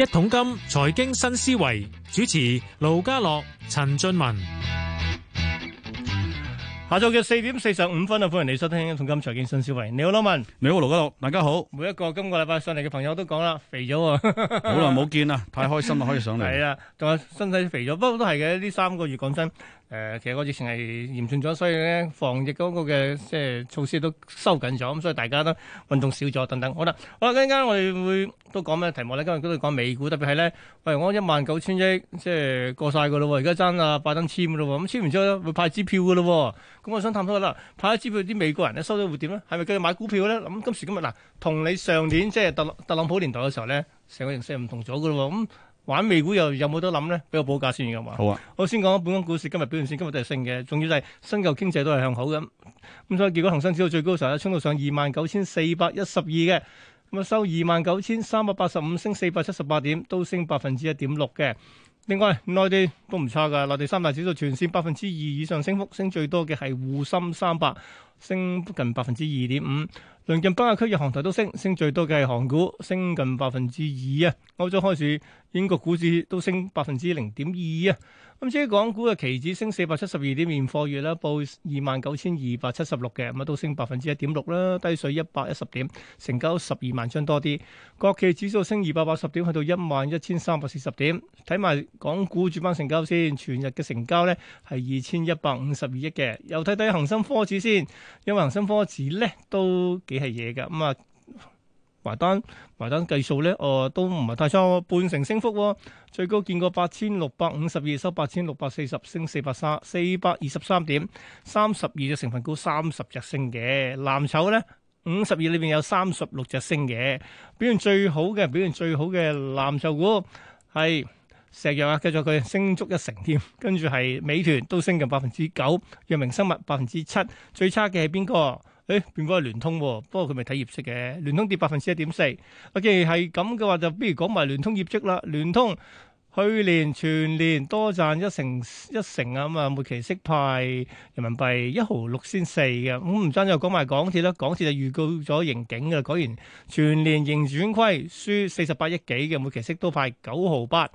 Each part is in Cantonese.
一桶金財經新思維主持盧家樂、陳俊文，下晝嘅四點四十五分啊，歡迎你收聽一桶金財經新思維。你好，羅文，你好，盧家樂，大家好。每一個今個禮拜上嚟嘅朋友都講啦，肥咗啊！ 好耐冇見啊，太開心啦，可以上嚟。係 啊，仲有身體肥咗，不過都係嘅。呢三個月講真的。誒、呃，其實我疫情係嚴重咗，所以咧防疫嗰個嘅即係措施都收緊咗，咁所以大家都運動少咗等等。好啦，好啦，陣間我哋會都講咩題目咧？今日都會講美股，特別係咧，喂，我一萬九千億即係、呃、過晒個咯喎，而家爭啊拜登簽嘅咯喎，咁簽完之後會派支票嘅咯喎，咁我想探討下啦，派咗支票啲美國人咧收咗會點咧？係咪繼續買股票咧？咁今時今日嗱，同、呃、你上年即係特特朗普年代嘅時候咧，成個形式唔同咗嘅咯喎咁。玩美股又有冇得諗呢？俾我報價先，㗎嘛！好啊，我先講本港股市今日表現先，今日都係升嘅。仲要就係新舊經濟都係向好咁，咁所以結果恒生指數最高時候，衝到上二萬九千四百一十二嘅，咁啊收二萬九千三百八十五，升四百七十八點，都升百分之一點六嘅。另外內地都唔差噶，內地三大指數全線百分之二以上升幅，升最多嘅係滬深三百。升近百分之二點五，鄰近北亞區日韓台都升，升最多嘅係韓股，升近百分之二啊。歐洲開市，英國股市都升百分之零點二啊。咁、嗯、至於港股嘅期指升四百七十二點，現貨月啦，報二萬九千二百七十六嘅，咁啊都升百分之一點六啦，低水一百一十點，成交十二萬張多啲。國企指數升二百八十點，去到一萬一千三百四十點。睇埋港股主板成交先，全日嘅成交咧係二千一百五十二億嘅。又睇睇恒生科指先。因為恒生科指咧都幾係嘢噶咁啊，埋、嗯、單埋單計數咧，哦、呃、都唔係太差，半成升幅、哦，最高見過八千六百五十二，收八千六百四十，升四百三四百二十三點，三十二隻成分股三十隻升嘅藍籌咧，五十二裏邊有三十六隻升嘅表現最好嘅表現最好嘅藍籌股係。石藥啊，繼續佢升足一成添，跟住係美團都升近百分之九，藥明生物百分之七，最差嘅係邊個？誒、哎，邊個係聯通？不過佢咪睇業績嘅聯通跌百分之一點四。Ok，係咁嘅話，就不如講埋聯通業績啦。聯通去年全年多賺一成一成啊，咁啊，每期息派人民幣一毫六仙四嘅。咁唔爭就講埋港鐵啦，港鐵就預告咗盈警嘅。果然全年盈轉虧，輸四十八億幾嘅，每期息都派九毫八。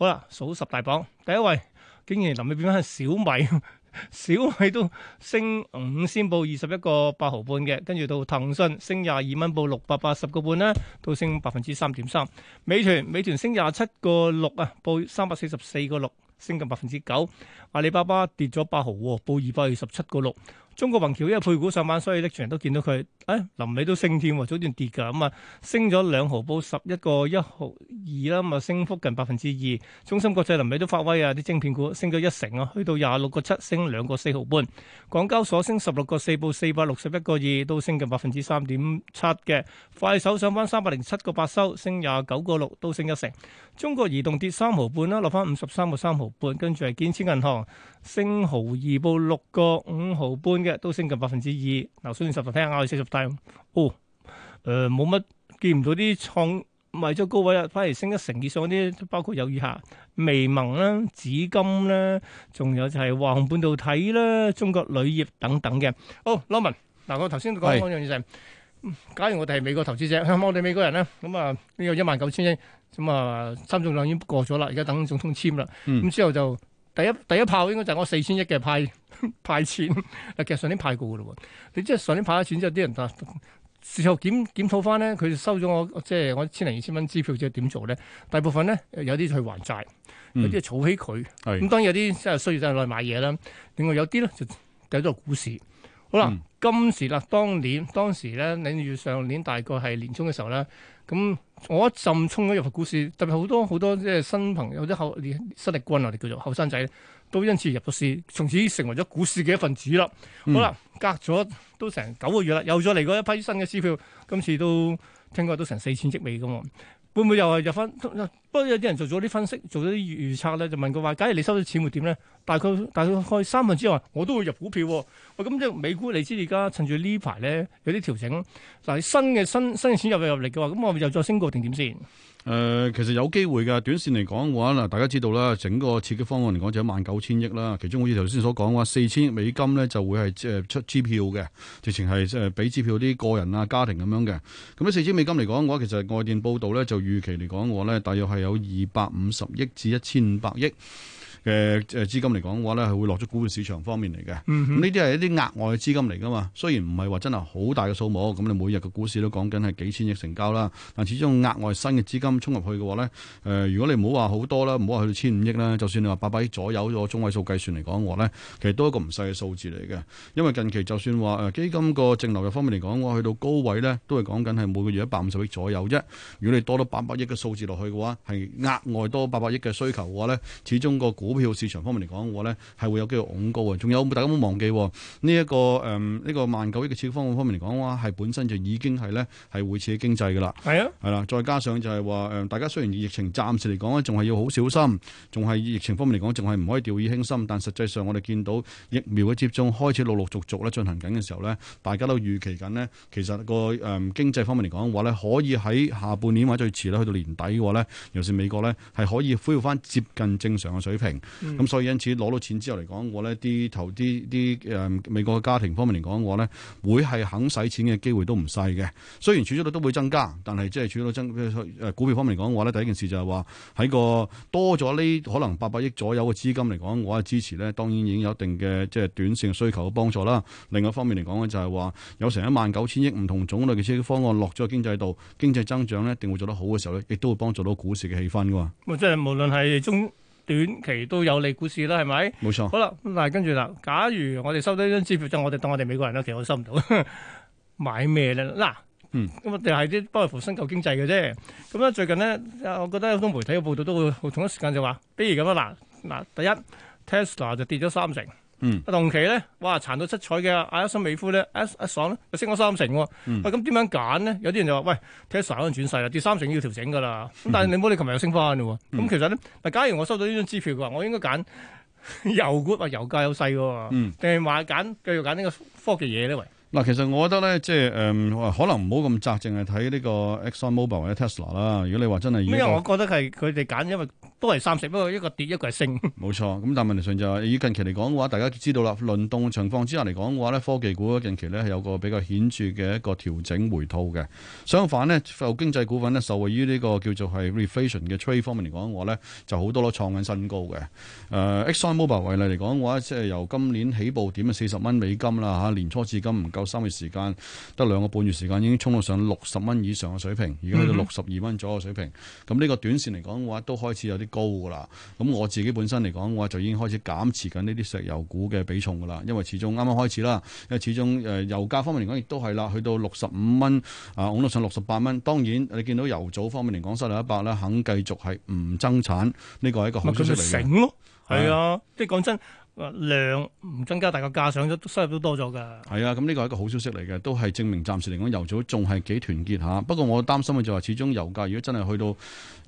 好啦，數十大榜第一位，竟然臨尾變返係小米，小米都升五先報二十一個八毫半嘅，跟住到騰訊升廿二蚊報六百八十個半呢，都升百分之三點三。美團美團升廿七個六啊，報三百四十四個六，升近百分之九。阿里巴巴跌咗八毫喎，報二百二十七個六。中國宏橋因為配股上翻，所以呢場都見到佢，誒，臨尾都升添喎，早段跌噶，咁啊，升咗兩毫報，十一個一毫二啦，咁啊，升幅近百分之二。中芯國際臨尾都發威啊，啲晶片股升咗一成啊，去到廿六個七，升兩個四毫半。港交所升十六個四，報四百六十一個二，都升近百分之三點七嘅。快手上翻三百零七個八收，升廿九個六，都升一成。中國移動跌三毫半啦，落翻五十三個三毫半，跟住係建設銀行升毫二報六個五毫半。嘅都升近百分之二，嗱，上完十頭睇下，我哋四十大。哦，誒，冇乜見唔到啲創埋咗高位啦，反而升一成以上嗰啲，包括有以下、微盟啦、紫金啦，仲有就係華虹半導體啦、中國鋁業等等嘅。哦，Lawrence，嗱，我頭先講嗰樣嘢就係，假如我哋係美國投資者，咁我哋美國人咧，咁啊，呢個一萬九千億，咁啊，參眾兩已經過咗啦，而家等總統簽啦，咁之後就。第一第一炮應該就係我四千億嘅派派錢，其實上年派過嘅咯喎。你即係上年派咗錢之後，啲人就事後檢檢討翻咧，佢收咗我即係我千零二千蚊支票之後點做咧？大部分咧有啲去還債，有啲儲起佢，咁、嗯、當然有啲即係需要就嚟、是、買嘢啦。另外有啲咧就掟咗個股市。好啦。嗯今時啦，當年當時咧，例如上年大概係年中嘅時候咧，咁我一陣衝咗入股市，特別好多好多即係新朋友、啲後新力軍啊，我哋叫做後生仔，都因此入咗市，從此成為咗股市嘅一份子啦。嗯、好啦，隔咗都成九個月啦，又再嚟嗰一批新嘅支票，今次都聽講都成四千億美金喎，會唔會又係入翻？不過有啲人做咗啲分析，做咗啲預測咧，就問佢話：假如你收到錢會點咧？大概大概開三分之外，我都會入股票、哦。喂、哦，咁即係美股，你知而家趁住呢排咧有啲調整。但嗱，新嘅新新嘅錢入嚟入嚟嘅話，咁我咪又再升個定點先。誒、呃，其實有機會嘅，短線嚟講嘅話嗱，大家知道啦，整個刺激方案嚟講就一萬九千億啦。其中好似頭先所講嘅話，四千億美金咧就會係即係出支票嘅，直情係誒俾支票啲個人啊家庭咁樣嘅。咁啲四千美金嚟講嘅話，其實外電報道咧就預期嚟講嘅話咧，大約係有二百五十億至一千五百億。嘅誒資金嚟講嘅話咧，係會落咗股票市場方面嚟嘅。咁呢啲係一啲額外嘅資金嚟噶嘛。雖然唔係話真係好大嘅數目，咁你每日嘅股市都講緊係幾千億成交啦。但始終額外新嘅資金衝入去嘅話咧、呃，如果你唔好話好多啦，唔好話去到千五億啦，就算你話八百億左右，個中位數計算嚟講嘅話咧，其實都係一個唔細嘅數字嚟嘅。因為近期就算話、呃、基金個淨流入方面嚟講嘅話去到高位咧，都係講緊係每個月一百五十億左右啫。如果你多咗八百億嘅數字落去嘅話，係額外多八百億嘅需求嘅話咧，始終個股股票市場方面嚟講嘅話咧，係會有機會恐高嘅。仲有，大家冇忘記呢一、這個誒，呢、嗯這個萬九億嘅刺激方案方面嚟講嘅話，係本身就已經係咧係會刺激經濟噶啦。係啊，係啦，再加上就係話誒，大家雖然疫情暫時嚟講咧，仲係要好小心，仲係疫情方面嚟講，仲係唔可以掉以輕心。但係實際上，我哋見到疫苗嘅接種開始陸陸續續咧進行緊嘅時候咧，大家都預期緊呢，其實、那個誒、嗯、經濟方面嚟講嘅話咧，可以喺下半年或者最遲啦，去到年底嘅話咧，尤其是美國咧，係可以恢復翻接近正常嘅水平。咁、嗯、所以因此攞到錢之後嚟講，我呢啲投資啲誒美國嘅家庭方面嚟講，我呢會係肯使錢嘅機會都唔細嘅。雖然儲蓄率都會增加，但係即係儲蓄率增誒股票方面嚟講嘅話咧，第一件事就係話喺個多咗呢可能八百億左右嘅資金嚟講，我嘅支持呢當然已經有一定嘅即係短線需求嘅幫助啦。另外一方面嚟講咧，就係話有成一萬九千億唔同種類嘅方案落咗去經濟度，經濟增長呢一定會做得好嘅時候咧，亦都會幫助到股市嘅氣氛噶。即係無論係中。短期都有利股市啦，係咪？冇錯。好啦，咁但係跟住啦，假如我哋收到呢張支票，就我哋當我哋美國人啦，其實我收唔到， 買咩咧？嗱，咁啊，定係啲不外乎新舊經濟嘅啫。咁咧最近咧，我覺得好多媒體嘅報道都會好同一時間就話，比如咁啦，嗱、啊，第一 Tesla 就跌咗三成。嗯，同期咧，哇，殘到七彩嘅埃克森美孚咧，S S 爽咧，又升咗三成喎、哦嗯啊。喂，咁點樣揀咧？有啲人就話，喂，Tesla 可能轉勢啦，跌三成要調整噶啦。咁、嗯、但係你唔好理，琴日又升翻喎、哦。咁、嗯啊、其實咧，嗱，假如我收到呢張支票嘅話，我應該揀 油股，話油價有勢喎，定係揀繼續揀呢個科技嘢咧？喂？嗱，其實我覺得咧，即係誒、呃，可能唔好咁窄，淨係睇呢個 Exxon Mobil 或者 Tesla 啦。如果你話真係，咩啊？我覺得係佢哋揀，因為都係三十，不過一個跌，一個係升。冇錯，咁但係問題上就係、是、以近期嚟講嘅話，大家知道啦，輪動情況之下嚟講嘅話咧，科技股近期咧係有個比較顯著嘅一個調整回吐嘅。相反呢，經濟股份呢受惠於呢個叫做係 reflation 嘅趨勢方面嚟講嘅話，我咧就好多都創緊新高嘅。誒、呃、Exxon Mobil 為例嚟講嘅話，即係由今年起步點啊四十蚊美金啦嚇，年初至今唔夠。有三個月時間，得兩個半月時間，已經衝到上六十蚊以上嘅水平，而家去到六十二蚊左右嘅水平。咁呢個短線嚟講嘅話，都開始有啲高噶啦。咁我自己本身嚟講嘅話，就已經開始減持緊呢啲石油股嘅比重噶啦。因為始終啱啱開始啦，因為始終誒油價方面嚟講，亦都係啦，去到六十五蚊啊，到上六十八蚊。當然你見到油組方面嚟講，失掉一百咧，肯繼續係唔增產，呢個係一個好消息嚟咯，係啊，即係講真。量唔增加，但個價上咗，收入都多咗噶。係啊，咁呢個係一個好消息嚟嘅，都係證明暫時嚟講，油組仲係幾團結吓。不過我擔心嘅就係，始終油價如果真係去到誒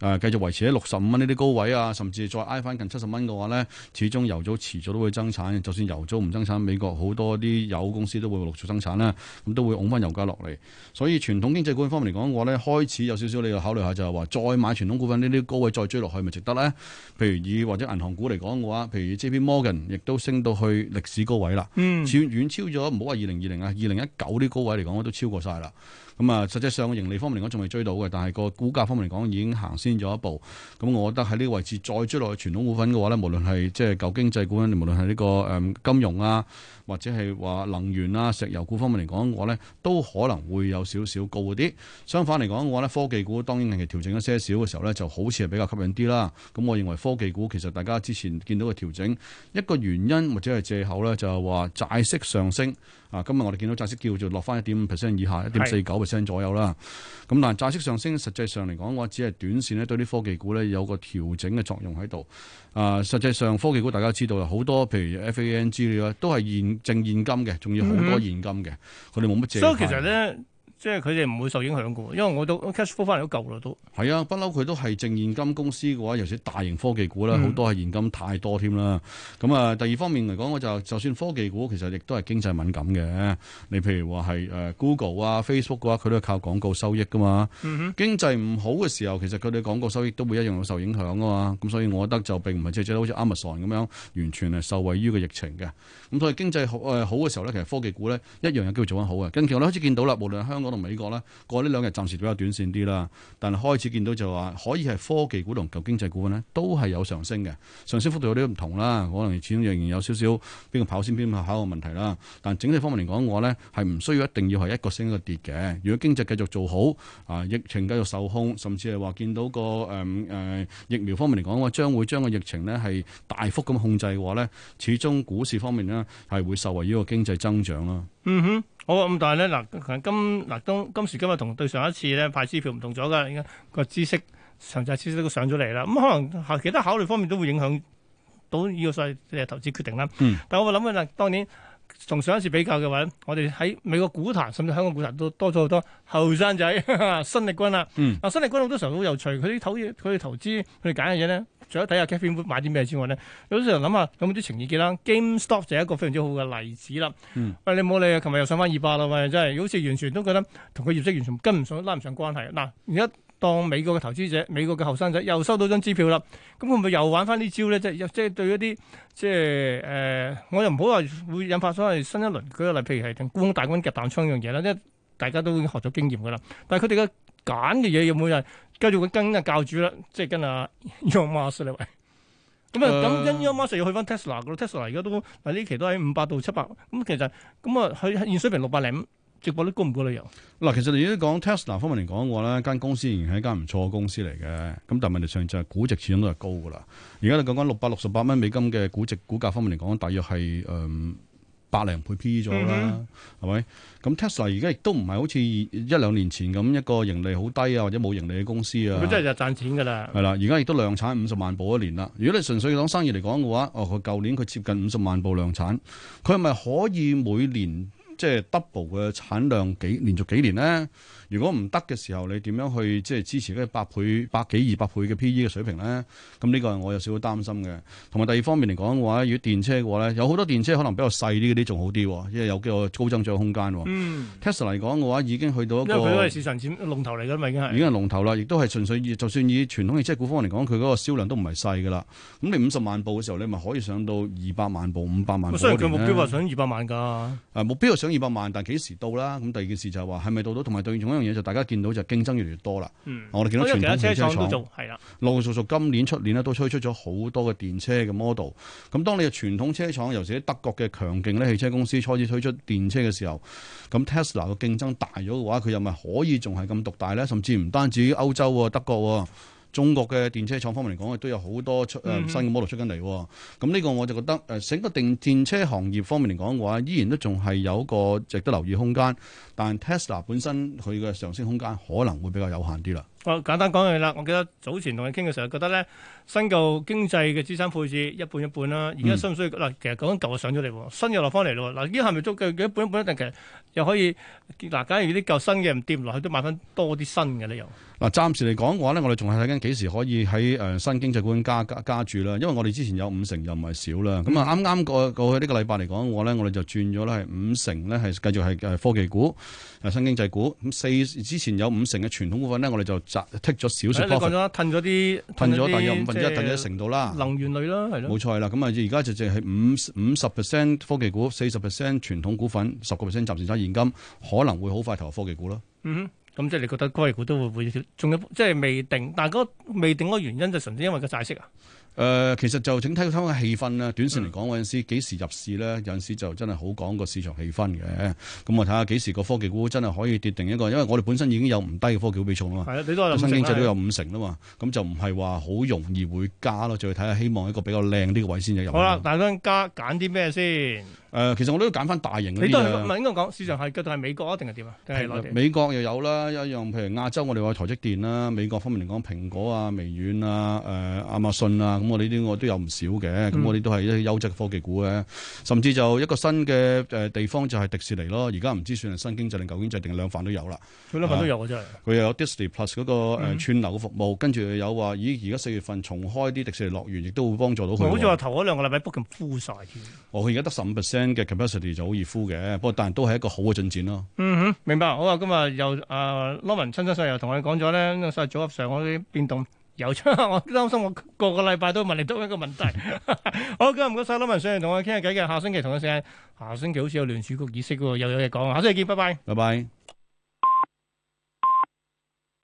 呃，繼續維持喺六十五蚊呢啲高位啊，甚至再挨翻近七十蚊嘅話咧，始終油組遲早都會增產。就算油組唔增產，美國好多啲油公司都會陸續增產啦，咁都會拱翻油價落嚟。所以傳統經濟股方面嚟講嘅話咧，開始有少少你要考慮下就係話，就係話再買傳統股份呢啲高位再追落去咪值得咧？譬如以或者銀行股嚟講嘅話，譬如 J.P.Morgan。亦都升到去歷史高位啦，嗯，遠超咗，唔好話二零二零啊，二零一九啲高位嚟講，我都超過晒啦。咁啊，實際上盈利方面嚟講仲未追到嘅，但係個股價方面嚟講已經行先咗一步。咁我覺得喺呢個位置再追落去傳統股份嘅話咧，無論係即係舊經濟股，無論係呢個誒金融啊，或者係話能源啊、石油股方面嚟講嘅話咧，都可能會有少少高啲。相反嚟講嘅話咧，科技股當然係調整一些少嘅時候咧，就好似係比較吸引啲啦。咁我認為科技股其實大家之前見到嘅調整一個原因或者係借口咧，就係話債息上升。啊，今日我哋見到債息叫做落翻一點五 percent 以下，一點四九 percent 左右啦。咁但係，債息上升，實際上嚟講，我只係短線咧對啲科技股咧有個調整嘅作用喺度。啊，實際上科技股大家知道有好多，譬如 FAN 資料都係現淨現金嘅，仲要好多現金嘅，佢哋冇乜借。其實咧。即係佢哋唔會受影響嘅，因為我都 cash flow 翻嚟都夠啦，都係啊，不嬲佢都係淨現金公司嘅話，尤其大型科技股呢，好、嗯、多係現金太多添啦。咁啊，第二方面嚟講，就係，我就就算科技股其實亦都係經濟敏感嘅。你譬如話係 Google 啊、Facebook 嘅話，佢都係靠廣告收益㗎嘛，嗯。經濟唔好嘅時候，其實佢哋廣告收益都會一樣會受影響㗎嘛。咁所以我覺得就並唔係即係即係好似 Amazon 咁樣完全係受惠於個疫情嘅。咁所以經濟好嘅、呃、時候咧，其實科技股咧一樣有機會做得好嘅。近期我開始見到啦，無論香港，同美國咧，過呢兩日暫時比較短線啲啦，但係開始見到就話可以係科技股同舊經濟股份咧，都係有上升嘅，上升幅度有啲唔同啦。可能始終仍然有少少邊個跑先邊個跑嘅問題啦。但整體方面嚟講，我咧係唔需要一定要係一個升一個跌嘅。如果經濟繼續做好啊，疫情繼續受控，甚至係話見到個誒誒、嗯啊、疫苗方面嚟講嘅話，將會將個疫情咧係大幅咁控制嘅話咧，始終股市方面咧係會受惠於個經濟增長啦。嗯哼。好啊，咁但係咧嗱，今嗱今今時今日同對上一次咧派支票唔同咗噶，依家個知識長債知識都上咗嚟啦，咁、嗯、可能其他考慮方面都會影響到呢個細嘅投資決定啦。嗯，但我會諗啊嗱，當年。同上一次比較嘅話我哋喺美國股壇，甚至香港股壇都多咗好多後生仔新力軍啦。新力軍好、啊嗯、多時候好有趣，佢啲投佢哋投資佢哋揀嘅嘢咧，除咗睇下 Cathie Wood 買啲咩之外咧，有時諗下有冇啲情意結啦。GameStop 就係一個非常之好嘅例子啦。喂、嗯哎，你冇理啊，琴日又上翻二百啦，喂，真係好似完全都覺得同佢業績完全跟唔上，拉唔上關係。嗱而家。當美國嘅投資者、美國嘅後生仔又收到張支票啦，咁會唔會又玩翻呢招咧？即係即係對一啲即係誒，我又唔好話會引發所謂新一輪，舉個例，譬如係供大軍夾彈槍一樣嘢啦，即大家都已經學咗經驗噶啦。但係佢哋嘅揀嘅嘢又每日繼續會跟一教主啦？即係跟阿馬斯咧，咁、呃、啊，咁跟馬斯要去翻特斯拉 Tesla 而家、呃、都嗱呢期都喺五百到七百，咁其實咁啊，佢現水平六百零值唔值高唔高啲油？嗱，其實你如果講 Tesla 方面嚟講嘅話咧，間公司仍然係一間唔錯嘅公司嚟嘅。咁但係問題上就係估值始終都係高噶啦。而家你講緊六百六十八蚊美金嘅估值，股價方面嚟講，大約係誒、嗯、百零倍 P 咗啦，係、嗯、咪？咁 Tesla 而家亦都唔係好似一兩年前咁一,一個盈利好低啊，或者冇盈利嘅公司啊。佢真係就賺錢㗎啦。係啦，而家亦都量產五十萬部一年啦。如果你純粹講生意嚟講嘅話，哦，佢舊年佢接近五十萬部量產，佢係咪可以每年？即係 double 嘅產量幾連續幾年咧？如果唔得嘅時候，你點樣去即係支持咧百倍百幾二百倍嘅 P/E 嘅水平咧？咁呢個係我有少少擔心嘅。同埋第二方面嚟講嘅話，如果電車嘅話咧，有好多電車可能比較細啲嗰啲仲好啲，因為有幾個高增長嘅空間。嗯、Tesla 嚟講嘅話已經去到了一個，因為佢都係市場佔龍頭嚟嘅嘛，已經係已經係龍頭啦。亦都係純粹以就算以傳統汽車股方嚟講，佢嗰個銷量都唔係細嘅啦。咁你五十萬部嘅時候，你咪可以上到二百萬部、五百萬部嗰啲，所以佢目標話想二百萬㗎、啊。誒目標話想。二百萬，但係幾時到啦？咁第二件事就係話，係咪到到？同埋對，仲有一樣嘢就大家見到就競爭越嚟越多啦。嗯，我哋見到傳統車廠都做，係啦，陸陸續續今年出年咧都推出咗好多嘅電車嘅 model。咁當你嘅傳統車廠，尤其喺德國嘅強勁咧汽車公司，開始推出電車嘅時候，咁 Tesla 嘅競爭大咗嘅話，佢又咪可以仲係咁獨大咧？甚至唔單止歐洲喎，德國喎。中國嘅電車廠方面嚟講，亦都有好多出、呃、新嘅 model 出緊嚟。咁、嗯、呢個我就覺得整個、呃、電車行業方面嚟講嘅話，依然都仲係有個值得留意空間。但 Tesla 本身佢嘅上升空間可能會比較有限啲啦。我簡單講起啦。我記得早前同你傾嘅時候，覺得咧新舊經濟嘅資產配置一半一半啦。而家需唔需要嗱？其實講緊舊嘅上咗嚟，新嘅落翻嚟咯。嗱，依家係咪足夠？一半一半一定其實又可以嗱。假如啲舊的新嘅唔跌落去，都買翻多啲新嘅咧又。嗱，暫時嚟講嘅話咧，我哋仲係睇緊幾時可以喺誒新經濟股加加加注啦。因為我哋之前有五成又唔係少啦。咁啊，啱啱過過去呢個禮拜嚟講嘅話咧，我哋就轉咗咧係五成咧係繼續係科技股、新經濟股。咁四之前有五成嘅傳統股份咧，我哋就砸剔咗少少，你覺得褪咗啲，褪咗大概五分之一，等咗一成度啦，能源類啦，係咯，冇錯啦。咁啊，而家就就係五五十 percent 科技股，四十 percent 傳統股份，十個 percent 暫時揸現金，可能會好快投入科技股咯。嗯哼，咁即係你覺得科技股都會會仲有，即係未定，但係嗰未定嗰個原因就純粹因為個債息啊。誒、呃，其實就整體睇翻個氣氛，短線嚟講，有陣時幾時入市咧？有陣時就真係好講個市場氣氛嘅。咁我睇下幾時個科技股真係可以跌定一個，因為我哋本身已經有唔低嘅科技股比重啊。係啊，你都係都有五成。新經濟都有五成啦嘛，咁就唔係話好容易會加咯。就睇下希望一個比較靚啲嘅位先入。好啦，大家加，揀啲咩先？呃、其實我都要揀翻大型嗰啲你都係唔係應該講市場係嘅？但係美國啊，定係點啊？美國又有啦，一樣譬如亞洲，我哋話台積電啦。美國方面嚟講，蘋果啊、微軟啊、誒、呃、亞馬遜啊，咁我哋呢啲我都有唔少嘅。咁我哋都係一啲優質科技股嘅、啊。甚至就一個新嘅地方就係迪士尼咯。而家唔知算係新經濟定舊經濟定兩份都有啦。兩份都有啊！有真係佢又有 Disney Plus 嗰個串流嘅服務，跟、嗯、住又有話咦？而家四月份重開啲迪士尼樂園，亦都會幫助到佢、嗯。好似話頭嗰兩個禮拜 book 緊 full 曬添。佢而家得十五嘅 capacity 就好易敷嘅，不過但係都係一個好嘅進展咯。嗯哼，明白。好啊，今日又啊，Lawrence、呃、親身上嚟又同我哋講咗咧，個細組合上嗰啲變動由出，我擔心我個個禮拜都問你都一個問題。 好，今日唔該晒 Lawrence 上嚟同我傾下偈嘅，下星期同一時間，下星期好似有聯儲局議息喎，又有嘢講。下星期見，拜拜，拜拜。